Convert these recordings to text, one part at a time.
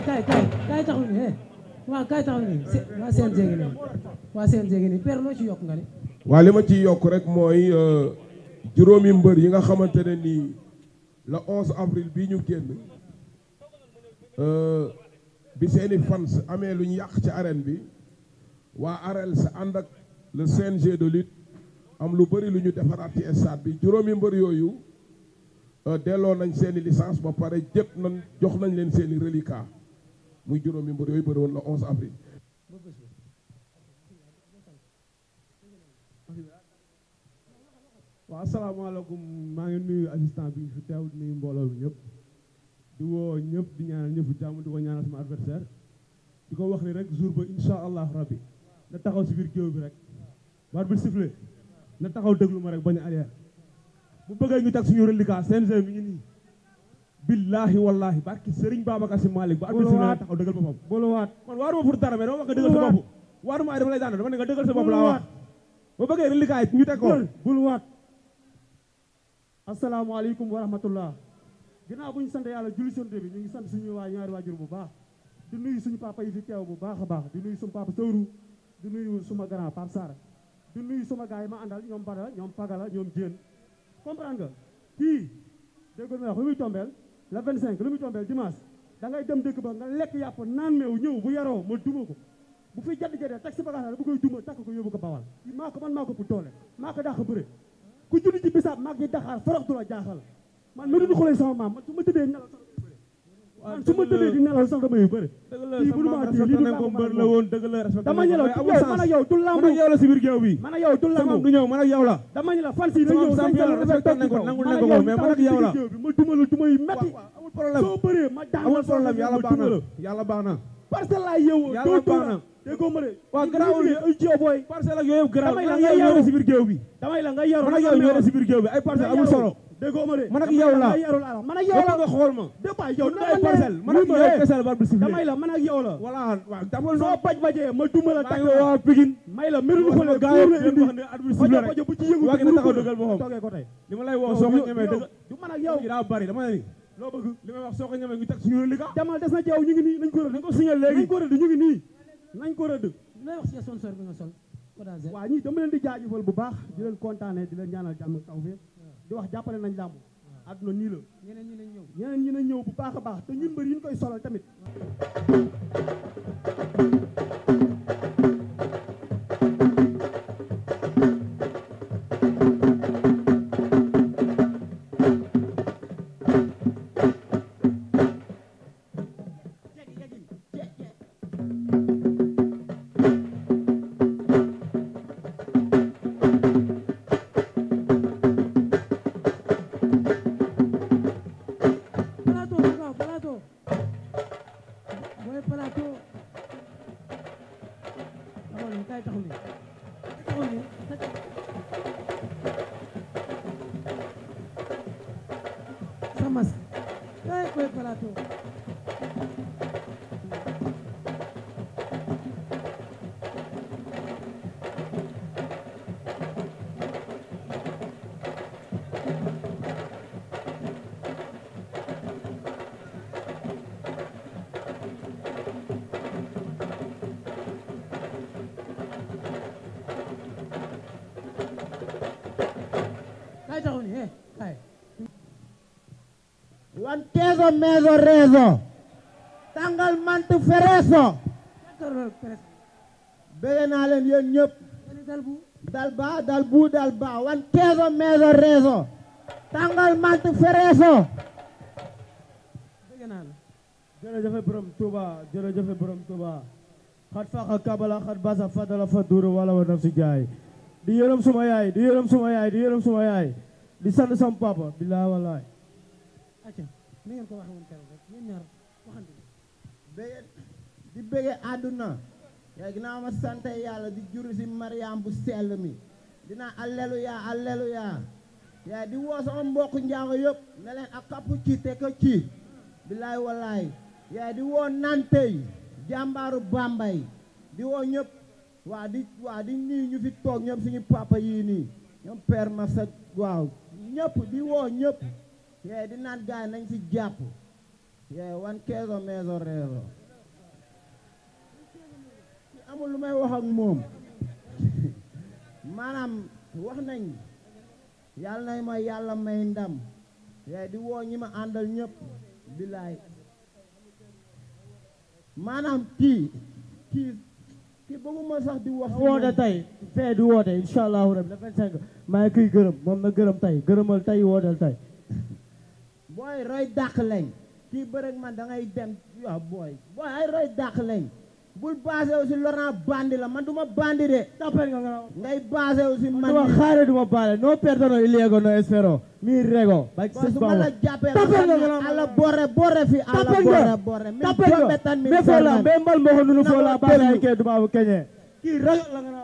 kaay kaay kaay kaay taxaw nii waa CNG ci yokk nga waa li ma ciy yokk rek mooy euh, juróomi mbër yi nga xamante ne nii le 11 avril bii ñu génn euh, bi seeni fans amee lu ñu yàq ci arène bi waa arène sa ànd ak le CNG de lutte am lu bari lu ñu defaraat ci stade bi juróomi mbër yooyu euh, delloo nañ seeni licence ba pare jëpp nañ jox nañ leen seeni reliquat muy juróom juróomi mbër yooyu bëri woon la 11 avril. waaw asalaamaaleykum maa ngi nuyu assistant bi ñu fi teew di nuyu mbooloo bi ñëpp di woo ñëpp di ñaanal ñëpp jàmm di ko ñaanal sama adversaire di ko wax ni rek jour ba incha allah rabbi na taxaw si biir géew bi rek war bi sifflé na taxaw déglu ma rek bañ ñu arrière bu bëggee ñu teg suñu reliquat CNG mi ngi nii. billaahi wallaahi barki Serigne Babacar Sy Malick ba arbitre bi taxaw dëggal boppam bolowaat man waaruma pour dara mais dama wax nga dëggal sa bopp waaruma ay dama lay daan dama ne wa rahmatullah ginnaaw bu ñu sant yàlla julli sant bi ñu ngi sant suñu waa ñaari waajur bu baax di nuyu suñu papa yi fi teew bu baax baax di nuyu suñu papa Sowru di nuyu suma grand Pape Sarr di nuyu suma gars yi ma àndal ñoom Bada ñoom Pagala ñoom Dieng comprendre nga kii déggoon ma wax bi muy tombeel le 25 lu muy tombeel dimanche da dem dëkk ba nga lekk yàpp naan meew ñëw bu yaroo ma duma ko bu fi jadd jadee teg si bagaas la bu koy duma takk ko yóbbu ko bawal maa ko man maa ko bu doole maa ko dàq bëre ku julli ci bisaab maa ngi daxaar forox du la jaaxal man ma dund xoolee sama maam man su ma tëddee nelaw su ma tëddee di nelaw sax damay bëri kii bu ma kii lii du ko mbër la woon dëgg la respecté dama ñu la yow man la si biir géew bi man ak yow du lamb du la dama ñu fan si dañu respecté nañ ko nangul nañ ko mais man ak la ma duma la duma yu metti amul problème soo bëree ma daan amul problème yàlla baax na yàlla baax na parce que laa yow doo tuura déggoo ma ay jiw booy déggoo ma de man ak yow la man ak yow la nga xool ma dépa yow na ay parcelle man ak yow kessel bar bi siflé damay la man ak yow la voilà waaw damay soo baj bajee ma duma la tàgg waa Pikine may la mënu ko le gaay indi wax bu ci yëngu ko taxaw dëggal boppam toogee ko tey li ma lay wax soo ko ñemee dëgg du man ak yow daa bari dama ni loo bëgg li may wax soo ko ñemee ñu teg suñu li ka demal des na ci yow ñu ngi nii nañ ko rëdd nañ ko signé léegi nañ ko rëdd ñu ngi nii nañ ko rëdd lay wax ci sponsor bi nga sol waaw ñii dama leen di jaajëfal bu baax di leen kontaane di leen ñaanal jàmm ak tawfiq wax jàppale nañ làmb ah. àdduna nii la ñeneen ñi nañ ñëw ñeneen ñi nañ ñëw bu baax a baax te ñun mbër yi ñu koy solal tamit Mantezo mezo rezo. Tangal mantu fereso. bëgg naa leen yéen ñëpp. dal ba dal bu dal ba wan keeso meeso reeso. tangal malt fereeso. bëgg naa la. jërëjëf borom Touba borom Touba. xat faxa kabala xat basa fadala fa duuru wa nafsi jaay. di yërëm suma yaay di yërëm suma yaay di yërëm suma yaay. di ni ngeen ko waxee woon keroog rek yéen ñaar waxante bëgg di bëgge àdduna gi ginnaaw ma sante yàlla di juri si Mariam bu sel mi dina alleluya alleluya yaay di woo sama mbokk njaago yëpp ne a ak ci te ko ci bilaay walaay yaay di woo nantey jàmbaaru bambay di woo ñëpp waa di waa di nii ñu fi toog ñoom suñu papa yii nii ñoom père ma sa waaw ñëpp di woo ñëpp yee di naat gaay nañ ci jàpp yee wan keeso meeso reeso ci amul lu may wax moom maanaam wax nañ yàlla nañ ma yàlla may ndam yee di woo ñi ma àndal ñëpp bilaay maanaam kii kii kii ma sax di wax woote tey fee di woote incha allahu rabi le 25 maa ngi koy gërëm moom na gërëm tey gërëmal tey wooteel tay booy roy dàq lañ kii bërëg man da ngay dem waaw ah, booy booy ay roy dàq lañ bul basé si Laurent bandi la ma du ma bandi de. tapal nga nga ngay basé wu si man. duma xaare duma baale non perdono iliego non espero mi rego. ba si su ma la jàppee ala borre borre fi ala borre borre. tapal nga tapal nga mais foola mais mbal moo ko nunu foola baale ay kee duma bu keñe. kii la nga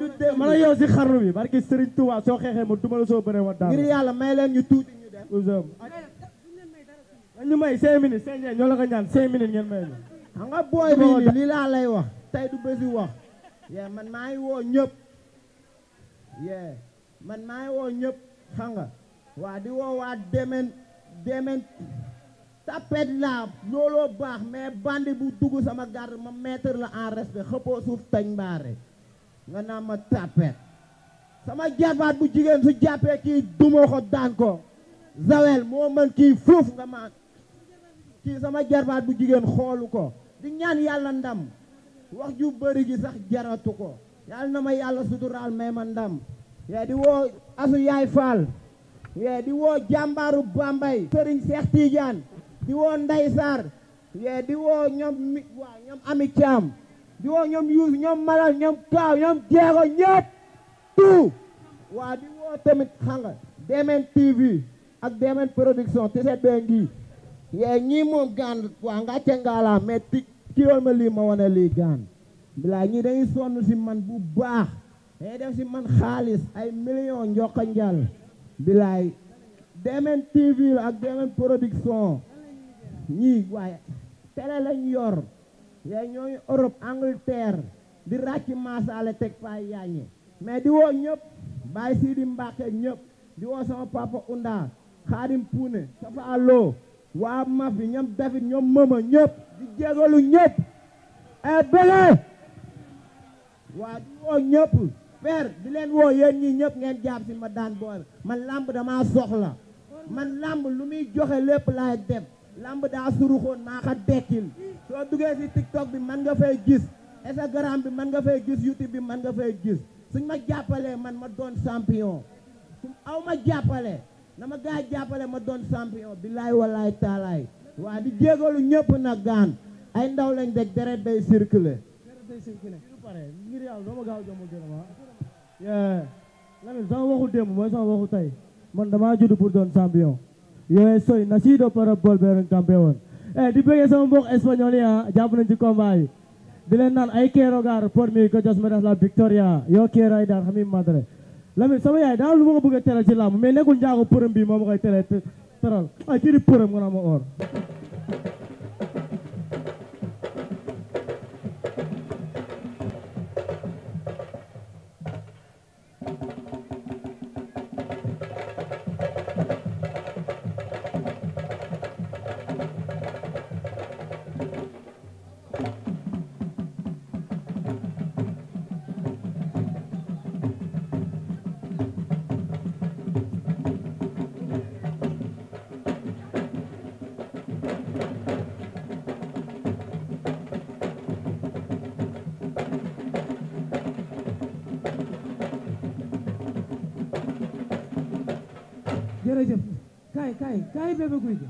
du dégg. ma la yow si xarnu bi barki Serigne Touba soo xeexee ma duma la soo bëree ma daal. Ouzam dañu may cinq minutes ñoo la ko ñaan cinq minutes ngeen may ñu xam nga booy bi li laa lay wax tey du bési wax yee man maa ngi woo ñëpp yee man maa ngi woo ñëpp xam nga waa di woo waa demen demen tapet laa looloo baax mais bandi bu dugg sama garde ma mettre la en respect xëppoo suuf tañ mbaare nga naa ma tapet sama jarbaat bu jigéen su jàppee kii duma ko daan ko zawel moo mën kii fuuf nga maag kii sama jarbaat bu jigéen xoolu ko di ñaan yàlla ndam wax ju bëri gi sax jaratu ko yàlla na ma yàlla suturaal may ma ndam yee di woo asu yaay faal yee di woo jàmbaaru bambay sëriñ Seex Tiijaan di woo nday Sarr yee di woo ñoom mi waaw ñoom ami caam di woo ñoom yuus ñoom malal ñoom kaaw ñoom jeego ñëpp waa di woo tamit xam nga Demen ak Demen production te seet bee ngi yee ñii moom gaan waa ngàcce ngaala mais ti kiiwal ma lii ma wane lii gaan bilaay ñii dañuy sonn si man bu baax dañuy def si man xaalis ay million njokka njal bilaay Demen TV ak Demen production ñii waaye télé lañ yor yee ñooñu Europe Angleterre di ràcc maasaale teg fay yaañe mais di woo ñëpp bàyyi sii di mbàqe ñëpp di woo sama papa Unda xaadim puune safa allo waa mafi ñoom David ñoom mëma ñëpp di jégalu ñëpp ay eh, bële waa di woo ñëpp père di leen woo yéen ñi ñëpp ngeen jàpp si ma daan boole man làmb damaa soxla man làmb lu muy joxe lépp laay def làmb daa suruxoon maa xa dekkil soo duggee si tiktok bi man nga fay gis Instagram bi man nga fay gis YouTube bi man nga fay gis suñ ma jàppalee man ma doon champion su aw ma jàppale na ma gaa jàppale ma doon champion billaay wallaay taalaay waa di jégalu ñëpp nag gaan ay ndaw lañ deg deret day circulé deret day circulé pare ngir yàlla doo ma gaaw ah. waxu démb mooy sama waxu tey man damaa judd pour doon champion yooyu soy nacido para bol beren campeon eh di bëggee sama mbokk espagnol yi ah. jàpp ci combat di leen naan ay quiero ganar por mí que Dios la victoria yo quiero dar a madre Lamine sama yaay daal lu ma ko bëgg a teral ci làmb mais nekkul njaago përëm bii moo ma koy teral teral ay kii di nga naa ma or jërëjëf kaay kaay kaay bébé guy gi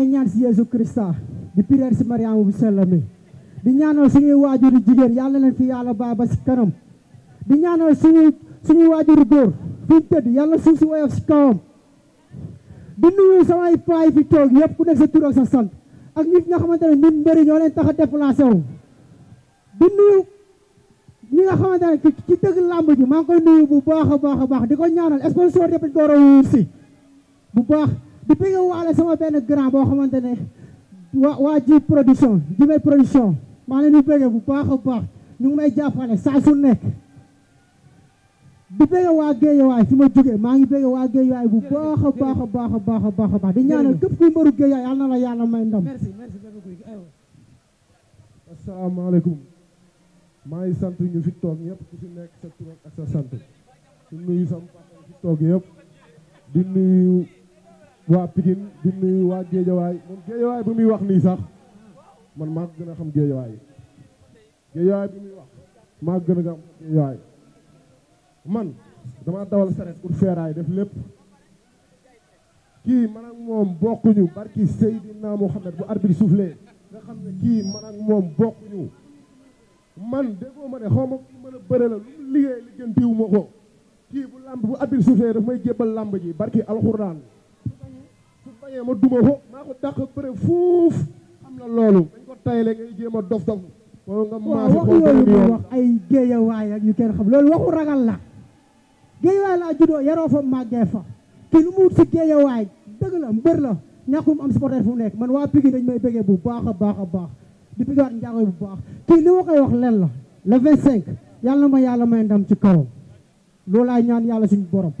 maa ngi ñaan si Yeesu Krista di prière si Mariama bu sell mi di ñaanal suñuy waajuri jigéen yàlla leen fi yàlla baax ba si kanam di ñaanal suñuy suñuy waajuri góor fi ñu tëdd yàlla suuf si woyof si kawam di nuyu samay paay fi toog yëpp ku nekk sa tur ak sa sant ak ñi nga xamante ne ñun mbëri ñoo leen tax a déplacé wu di nuyu ñi nga xamante ne ci làmb ji maa ngi koy nuyu bu baax a baax a baax di ko ñaanal sponsor yëpp dañ ko war a si bu baax di bëggee waale sama benn grand boo xamante ne waa waa ji production may production maa ngi di bëggee bu baax a baax ñu ngi may jàppale saa su nekk di bëggee waa Géejawaay fi ma jógee maa ngi bëggee waa Géejawaay bu baax a baax a baax a baax a baax a baax di ñaanal képp kuy mbaru Géejawaay yàlla na la yàlla may ndam asalaamaaleykum maa ngi sant ñu fi toog ñëpp ku fi nekk sa tur ak di nuyu waa Pikine di nuyu waa Géejawaay moom Géejawaay bu muy wax nii sax man maa gën a xam Géejawaay Géejawaay bi muy wax maa gën a xam Géejawaay man dama dawal saret pour feeraay def lépp kii man ak moom bokkuñu barki Seydina Mouhamed bu arbitre soufflé nga xam ne kii man moom bokkuñu man déggoo ma ne xaw mën a bëre la lu mu liggéey liggéentiwu ma ko kii bu làmb bu arbitre soufflé daf may jébbal làmb ji barki alxuraan bàyyee ma duma ko maa ko na loolu dañ ko tayle ngay jéem a dof dof boo nga maase ko ak yu kenn xam loolu la géeyawaay laa juddoo yaroo fa màggee fa te lu mu wut si géeyawaay dëgg la mbër la ñàkkum am supporter fu nekk man waa Pikine dañ may bëggee bu baax a baax a baax di bëggaat njaago bu baax kii li ma koy wax leen la le vingt cinq yàlla ma yàlla may ndam ci kawam loolu laay ñaan yàlla si borom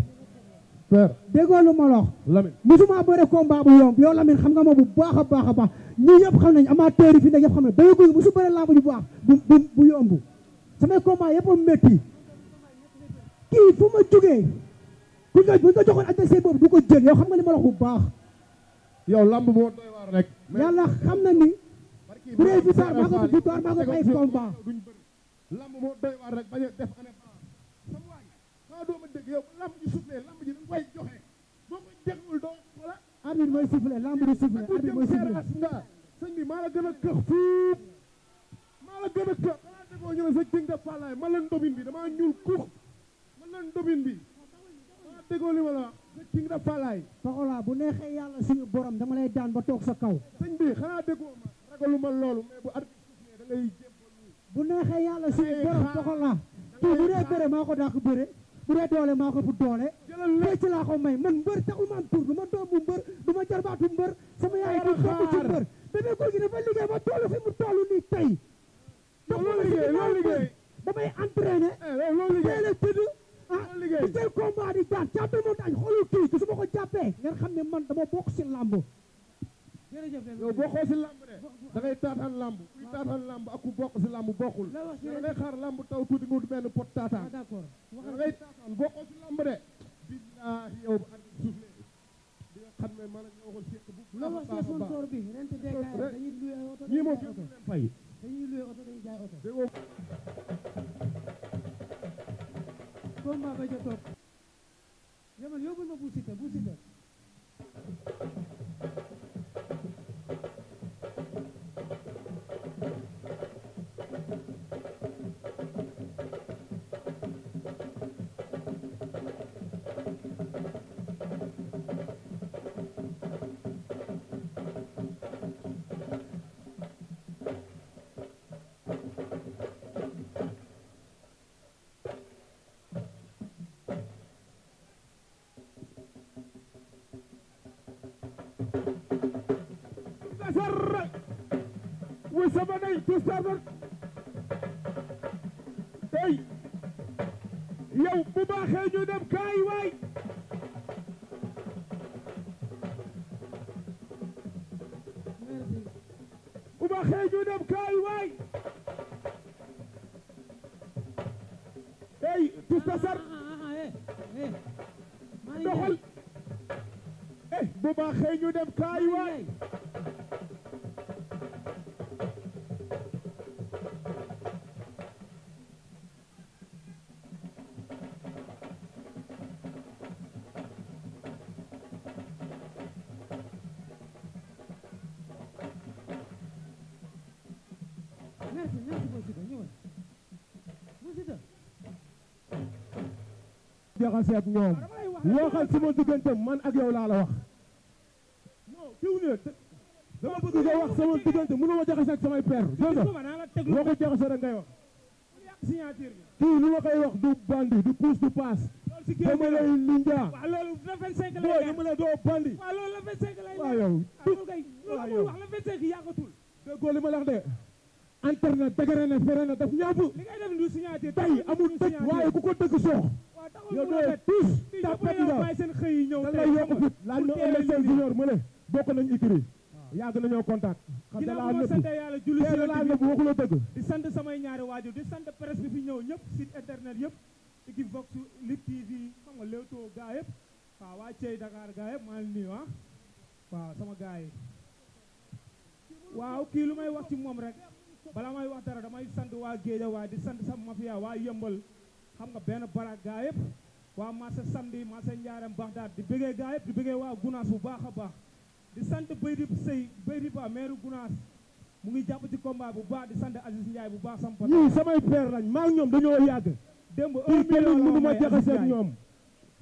père déggoo lu ma la wax. Lamine musuma bëre combat bu yomb yow Lamine xam nga moom bu baax a baax a baax ñii yëpp xam nañ amateur yi fi nekk yëpp xam nañ Bébé Gouy Gui musu bëre lamb bu baax bu bu bu yomb samay combat yëpp a métti kii fu ma nga bu ñu ko joxoon adversaire boobu du ko jël xam nga li ma la wax bu baax. yow lamb boo doy waar rek. yàlla xam na ni. bu dee victoire maa ko victoire maa ko ay combat. lamb boo doy a xanaa ma dégg yow lamb ji soufflé lamb ji dañ koy joxe boo ko déglu doo wala mooy soufflé lamb ji soufflé arbitre mooy soufflé a këx a këx sa jëng de palaay man leen domin bi damaa ñuul kuux man leen domin bi xanaa déggoo li ma la sa jëng de palaay Pokola bu neexee yàlla suñu borom dama lay daan ba toog sa kaw bu da ngay jébbalu neexee yàlla suñu borom Pokola kii dee bëre maa ko dàq bëre bu dee doole maa ko bu doole ci laa ko may man mbër taxul ma am tur du ma doomu mbër du ma jarbaatu mbër sama yaay du doomu ci mbër Bébé Gouy Gui dafa ba toll fi mu toll nii tey liggéey damay entraîné eh, teel a tëdd ah di man dama bokk si làmb yow boo xoo si làmb de da taataan làmb kuy taataan làmb ak ku bokk si làmb bokkul da ngay xaar làmb taw tuuti nga wut benn pot taataan ah, da ngay taataan boo xoo si làmb de ma la ñu waxoon seq bu la wax ci sponsor bi rent dégg dañuy luye oto ñii moom kenn du ba ca topp jaman yóbbul nasar وسبني تستمر tey yow bu baaxee ñu dem kaay waay bu baaxee ñu dem kaay waay tey Tus Tasar doxal bu baaxee ñu dem kaay waay jaxase ak ñoom waxal sama man ak yow laa la wax dama bëgg nga wax sama diggante mënu ma jaxase ak samay père dégg nga kii lu ma koy wax du bandi du puus du paas dama lay ninja boo dama la doo bandi waaw yow waaw yow déggoo li ma na fere na daf ñàpp tey amul tëj waaye ku ko dëgg soox yow doo tuus tàppet nga da ngay yokk fit laaj na ëllëg seen junior ne bokk nañ écrit ah. yàgg nañoo contact xam nga laa nëbbu yàlla julli si laa nëbbu waxula dëgg di sant samay ñaari waajur di sant presse bi fi ñëw ñëpp site internet yëpp Equivox Lutte TV xam nga Leewtoo gaa yëpp waaw waa Thiey Dakar gaa yëpp maa ngi nuyu ah sama gaa yi waaw kii lu may wax ci moom rek bala may wax dara damay sant waa Géejawaay di sant sa mafia waa yëmbal xam nga benn barak gaa yëpp waa marché samedi marché Ndiarème Bagdad di bëggee gaa yëpp di bëggee waa Gunaas bu baax a baax di sant Baydi Sey Baydi Ba maire Gounass mu ngi jàpp ci combat bu baa di sant Aziz Ndiaye bu baax sampa ñii samay père lañ maa ngi ñoom dañoo yàgg démb un million mënu ma jaxase ak ñoom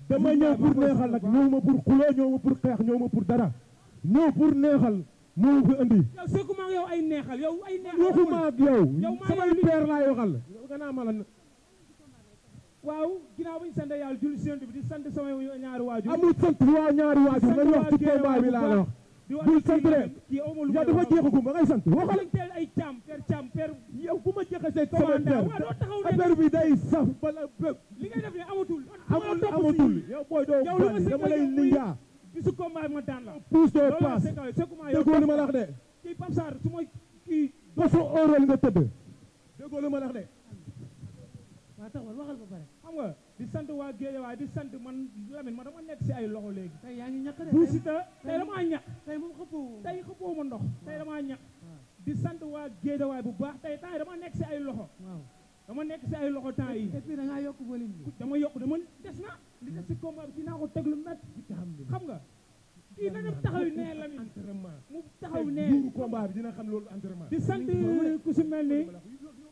dama ñëw pour neexal nag ñëw ma pour xuloo ñëw ma ñëw ma pour dara ñëw pour neexal moo fi andi yow sekkuma ak yow ay neexal yow ay neexal waxuma ak yow samay père laay waxal ganaa ma la waaw ginnaaw bañ sant yàlla bi di sant samay ñaari waajur waa ñaari waajur nañ wax ci laa la bul sant leen yow dafa jeexagum ba ngay sant waxal ay càmm per càmm per yow bu ma jeexasee affaire bi day saf bala bëgg li ngay def ne amatul amul amatul yow booy doo bani dama lay linjaa bisu combat ma daan la pousse doo passe déggoo li ma lax de kii Pape Sarr su ma kii basu oral nga tëdd déggoo li ma lax de waa taxawal waxal ba pare xam nga di sant waa Géejawaay di sant man Lamine ma dama nekk si ay loxo léegi. tey yaa ngi ñàkk de Bou Siteu tey damaa ñàkk. tey moom xëppoo tey xëppoo ma ndox. tey damaa ñàkk. Ah. di sant waa Géejawaay bu baax tey temps yi dama nekk si ay loxo. dama nekk si ay loxo temps yi. et puis yokk volume bi. dama yokk dama des na. li des si combat bi dinaa ko teg lu métti. xam nga. kii na dem taxaw nee Lamine. mu taxaw nee. combat bi dina xam loolu entraînement. di sant ku si mel ni.